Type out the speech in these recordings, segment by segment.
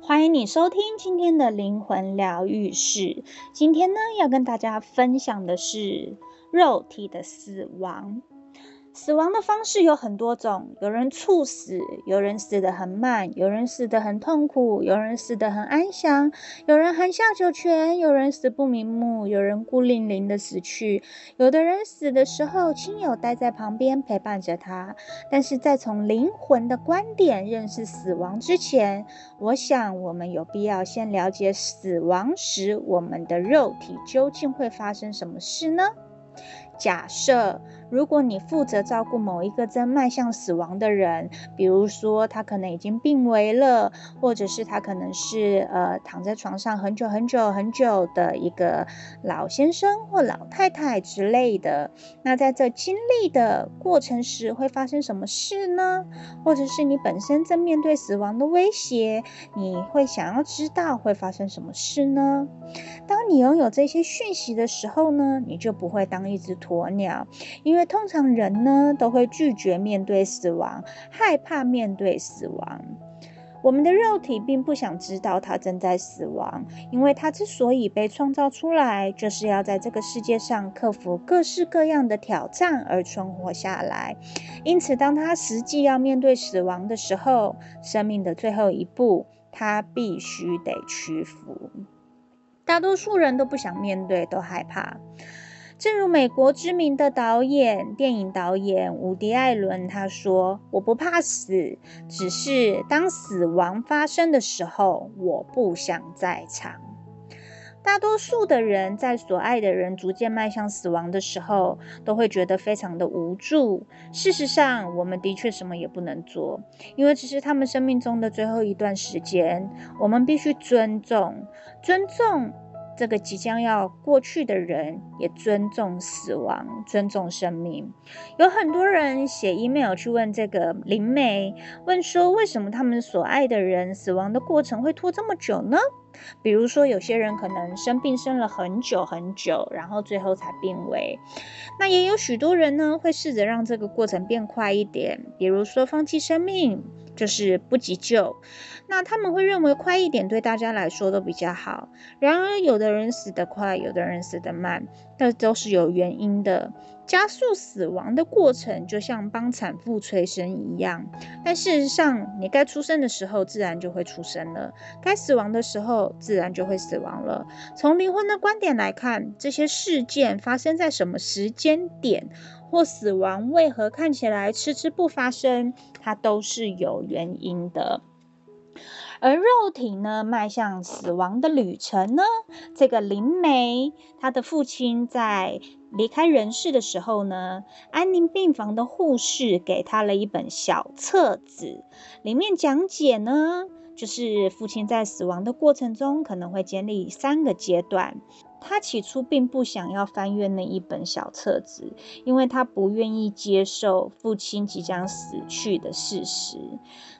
歡迎你收聽今天的靈魂療癒室。今天呢，要跟大家分享的是肉體的死亡。死亡的方式有很多種，有人猝死，有人死得很慢，有人死得很痛苦，有人死得很安詳，有人含笑九泉，有人死不瞑目，有人孤零零的死去，有的人死的時候，親友待在旁邊陪伴着他。但是在從靈魂的觀點認識死亡之前，我想我們有必要先了解死亡時我們的肉體究竟會發生什麼事呢？假設。如果你負責照顧某一個正邁向死亡的人，比如說他可能已經病危了，或者是他可能是呃躺在床上很久很久很久的一個老先生或老太太之類的，那在這經歷的過程時會發生什麼事呢？或者是你本身正面對死亡的威脅，你會想要知道會發生什麼事呢？當你擁有這些訊息的時候呢，你就不會當一隻鴕鳥，因為。通常人呢都會拒絕面對死亡，害怕面對死亡。我們的肉體並不想知道他正在死亡，因為他之所以被創造出來，就是要在這個世界上克服各式各樣的挑戰而存活下來。因此，當他實際要面對死亡的時候，生命的最後一步，他必須得屈服。大多數人都不想面對，都害怕。正如美國知名的導演、電影導演伍迪·艾倫他說：“我不怕死，只是當死亡發生的時候，我不想在場。”大多數的人在所愛的人逐漸邁向死亡的時候，都會覺得非常的無助。事實上，我們的確什麼也不能做，因為這是他們生命中的最後一段時間，我們必須尊重，尊重。這個即將要過去的人，也尊重死亡，尊重生命。有很多人寫 email 去問這個靈媒，問說為什麼他們所愛的人死亡的過程會拖這麼久呢？比如說，有些人可能生病生了很久很久，然後最後才病危。那也有許多人呢，會試着讓這個過程變快一點，比如說放棄生命，就是不急救。那他們會認為快一點對大家來說都比較好。然而，有的人死得快，有的人死得慢，但都是有原因的。加速死亡的過程就像幫產婦催生一樣，但事實上，你該出生的時候自然就會出生了，該死亡的時候自然就會死亡了。從靈魂的觀點來看，這些事件發生在什麼時間點，或死亡為何看起來遲遲不發生，它都是有原因的。而肉體呢，邁向死亡的旅程呢？這個靈媒，他的父親在離開人世的時候呢，安寧病房的護士給他了一本小冊子，裡面講解呢。就是父親在死亡的過程中，可能會經歷三個階段。他起初並不想要翻閱那一本小冊子，因為他不願意接受父親即將死去的事實。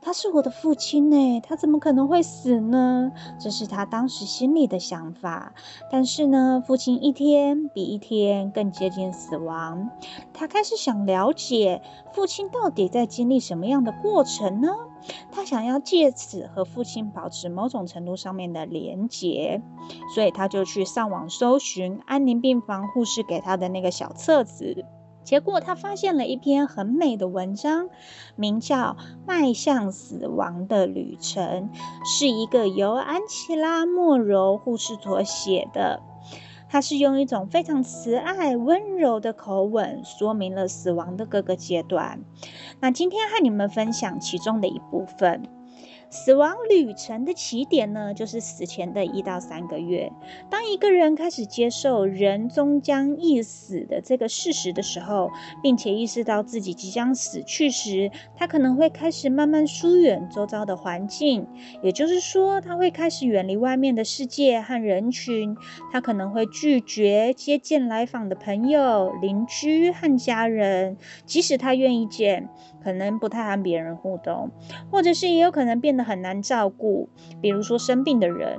他是我的父親呢、欸，他怎麼可能會死呢？這是他當時心裡的想法。但是呢，父親一天比一天更接近死亡，他開始想了解父親到底在經歷什麼樣的過程呢？他想要借此和父親保持某種程度上面的連結，所以他就去上網搜尋安寧病房護士給他的那個小冊子，結果他發現了一篇很美的文章，名叫《邁向死亡的旅程》，是一個由安琪拉·莫柔護士所寫的。他是用一種非常慈愛、溫柔的口吻，說明了死亡的各個階段。那今天和你們分享其中的一部分。死亡旅程的起點呢，就是死前的一到三個月。當一個人開始接受人終將一死的這個事實的時候，並且意識到自己即將死去時，他可能會開始慢慢疏遠周遭的環境，也就是說，他會開始遠離外面的世界和人群。他可能會拒絕接見來訪的朋友、鄰居和家人，即使他願意見。可能不太和別人互動，或者是也有可能變得很難照顧。比如說生病的人，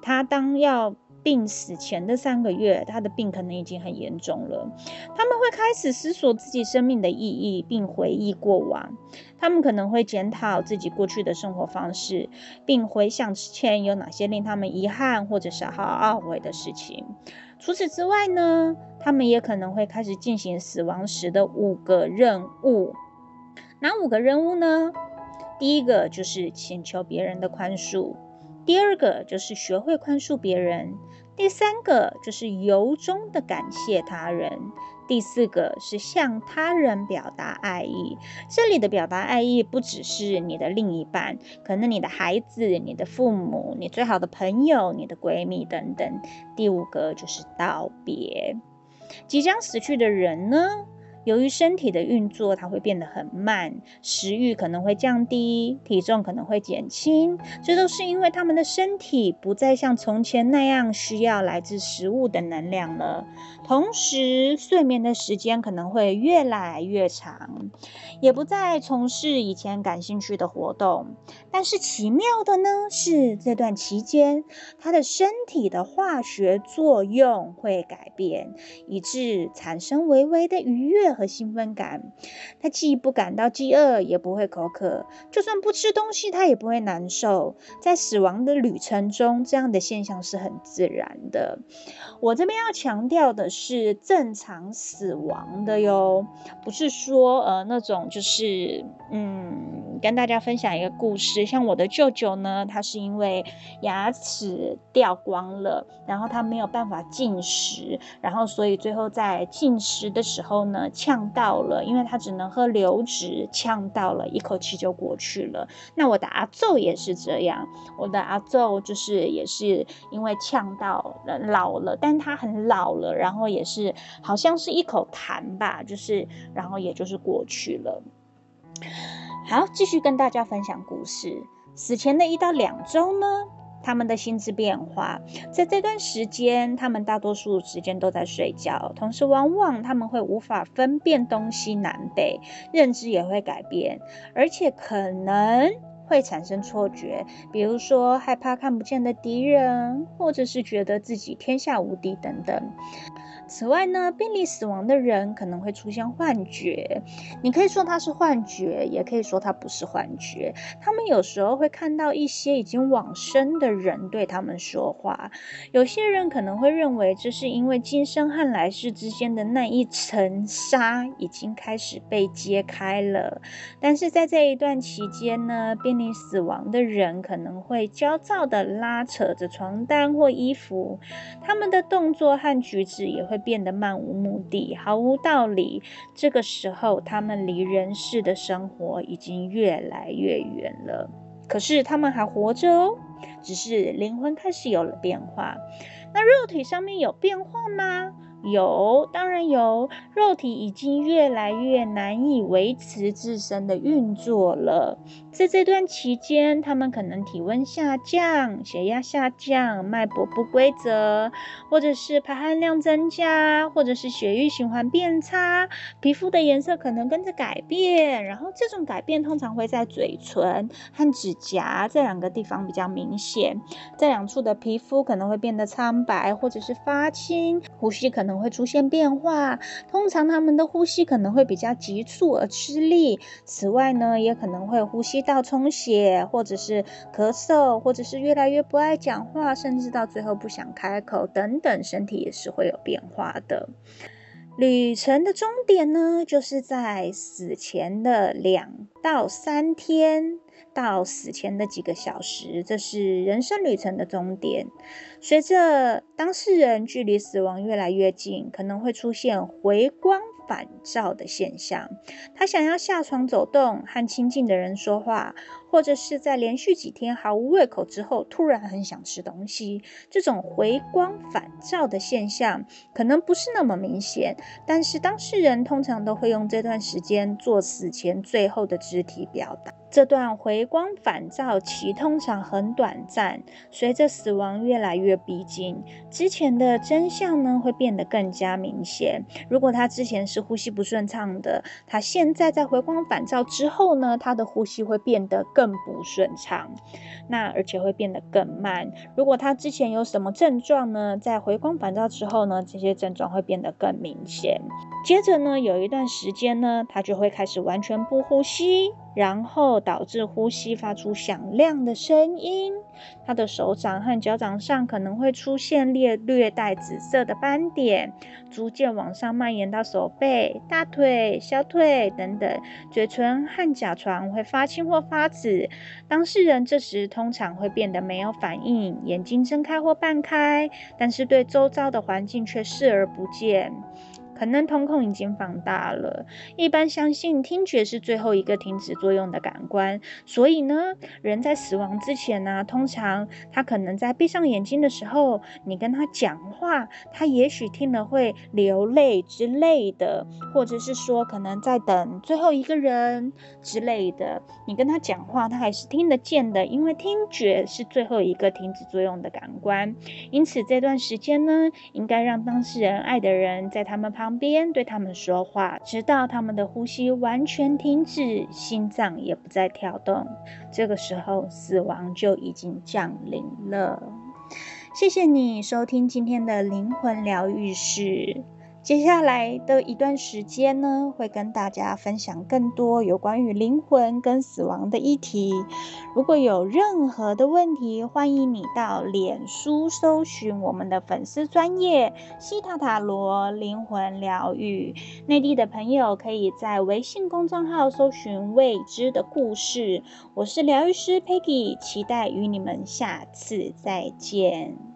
他當要病死前的三個月，他的病可能已經很嚴重了。他們會開始思索自己生命的意義，並回憶過往。他們可能會檢討自己過去的生活方式，並回想之前有哪些令他們遺憾或者是好好懊悔的事情。除此之外呢，他們也可能會開始進行死亡時的五個任務。哪五個任務呢？第一個就是請求別人的寬恕，第二個就是學會寬恕別人，第三個就是由衷的感謝他人，第四個是向他人表達愛意。這裡的表達愛意不只是你的另一半，可能你的孩子、你的父母、你最好的朋友、你的閨蜜等等。第五個就是道別，即將死去的人呢，由於身體的運作，它會變得很慢，食欲可能會降低，體重可能會減輕，這都是因為他們的身體不再像從前那樣需要來自食物的能量了。同時，睡眠的時間可能會越來越長，也不再從事以前感興趣的活動。但是奇妙的呢，是這段期間，他的身體的化學作用會改變，以致產生微微的愉悅。和興奮感，他既不感到飢餓，也不會口渴。就算不吃東西，他也不會難受。在死亡的旅程中，這樣的現象是很自然的。我這邊要強調的是，正常死亡的唷，不是說呃那種就是嗯，跟大家分享一個故事。像我的舅舅呢，他是因為牙齒掉光了，然後他沒有辦法進食，然後所以最後在進食的時候呢，嗆到了，因為他只能喝流質，嗆到了，一口氣就過去了。那我的阿祖也是這樣，我的阿祖就是也是因為嗆到了，老了，但他很老了，然後也是好像是一口痰吧，就是然後也就是過去了。好，繼續跟大家分享故事。死前的一到兩週呢。他們的心智變化，在這段時間，他們大多數時間都在睡覺，同時往往他們會無法分辨東西南北，認知也會改變，而且可能。會產生錯覺，比如說害怕看不見的敵人，或者是覺得自己天下無敵等等。此外呢，瀕臨死亡的人可能會出現幻覺，你可以說他是幻覺，也可以說他不是幻覺。他們有時候會看到一些已經往生的人對他們說話。有些人可能會認為，這是因為今生和來世之間的那一層紗已經開始被揭開了。但是在這一段期間呢，病。臨死亡的人可能會焦躁地拉扯着床單或衣服，他們的動作和舉止也會變得漫無目的、毫無道理。這個時候，他們離人世的生活已經越來越遠了。可是他們還活着哦，只是靈魂開始有了變化。那肉體上面有變化嗎？有，當然有。肉體已經越來越難以維持自身的運作了。在這段期間，他們可能體溫下降、血壓下降、脈搏不規則，或者是排汗量增加，或者是血液循環變差，皮膚的顏色可能跟着改變。然後這種改變通常會在嘴唇和指甲這兩個地方比較明顯，這兩處的皮膚可能會變得蒼白，或者是發青，呼吸可能會出現變化，通常他們的呼吸可能會比較急促而吃力。此外呢，也可能會呼吸道充血，或者是咳嗽，或者是越來越不愛講話，甚至到最後不想開口等等，身體也是會有變化的。旅程的終點呢，就是在死前的兩到三天。到死前的幾個小時，這是人生旅程的終點。隨着當事人距離死亡越來越近，可能會出現回光。反照的現象，他想要下床走動和親近的人說話，或者是在連續幾天毫無胃口之後，突然很想吃東西。這種回光返照的現象可能不是那麼明顯，但是當事人通常都會用這段時間做死前最後的肢體表達。這段回光返照期通常很短暫，隨着死亡越來越逼近，之前的真相呢，會變得更加明顯。如果他之前是。是呼吸不順暢的，他現在在回光返照之後呢，他的呼吸會變得更不順暢，那而且會變得更慢。如果他之前有什麼症狀呢，在回光返照之後呢，這些症狀會變得更明顯。接着呢，有一段時間呢，他就會開始完全不呼吸，然後導致呼吸發出響亮的聲音。他的手掌和腳掌上可能會出現略略帶紫色的斑點，逐漸往上蔓延到手背、大腿、小腿等等。嘴唇和甲床會發青或發紫。當事人這時通常會變得沒有反應，眼睛睜開或半開，但是對周遭的環境卻視而不見。可能瞳孔已經放大了。一般相信聽覺是最後一個停止作用的感官，所以呢，人在死亡之前呢、啊，通常他可能在閉上眼睛的時候，你跟他講話，他也許聽了會流淚之類的，或者是說可能在等最後一個人之類的。你跟他講話，他還是聽得見的，因為聽覺是最後一個停止作用的感官。因此這段時間呢，應該讓當事人愛的人在他們旁邊。邊對他們說話，直到他們的呼吸完全停止，心臟也不再跳動，這個時候死亡就已經降臨了。謝謝你收聽今天的靈魂療癒室。接下來的一段時間呢，會跟大家分享更多有關於靈魂跟死亡的議題。如果有任何的問題，歡迎你到臉書搜尋我們的粉絲專頁希塔塔羅靈魂療癒。內地的朋友可以在微信公眾號搜尋未知的故事。我是療癒師 Peggy，期待與你們下次再見。